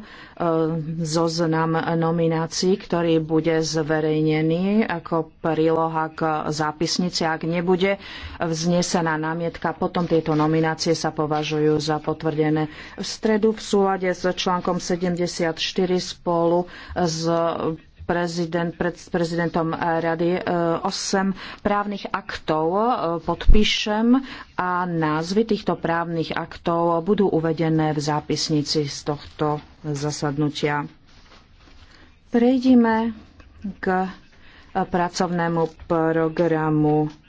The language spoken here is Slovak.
E, zoznam nominácií, ktorý bude zverejnený ako príloha k zápisnici. Ak nebude vznesená námietka, potom tieto nominácie sa považujú za potvrdené. V stredu v súlade s článkom 74 spolu s prezident, pred prezidentom rady 8 e, právnych aktov e, podpíšem a názvy týchto právnych aktov budú uvedené v zápisnici z tohto zasadnutia. Prejdime k e, pracovnému programu